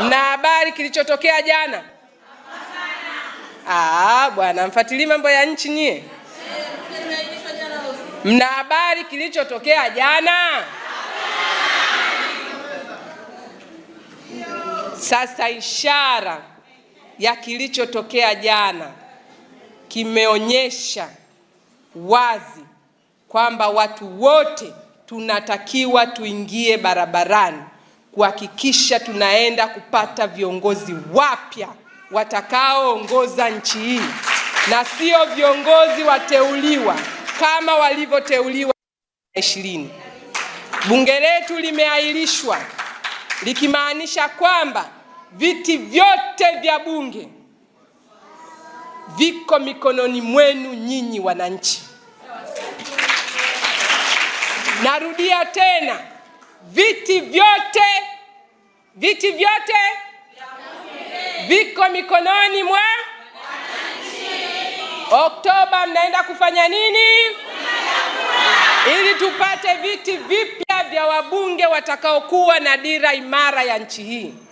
Mna habari kilichotokea jana? Ah, bwana mfuatilii mambo ya nchi nyie. Mna habari kilichotokea jana? Sasa ishara ya kilichotokea jana kimeonyesha wazi kwamba watu wote tunatakiwa tuingie barabarani kuhakikisha tunaenda kupata viongozi wapya watakaoongoza nchi hii na sio viongozi wateuliwa kama walivyoteuliwa ishirini. Bunge letu limeahirishwa likimaanisha kwamba viti vyote vya bunge viko mikononi mwenu nyinyi wananchi. Narudia tena, viti vyote Viti vyote viko mikononi mwa Oktoba mnaenda kufanya nini? Ili tupate viti vipya vya wabunge watakaokuwa na dira imara ya nchi hii.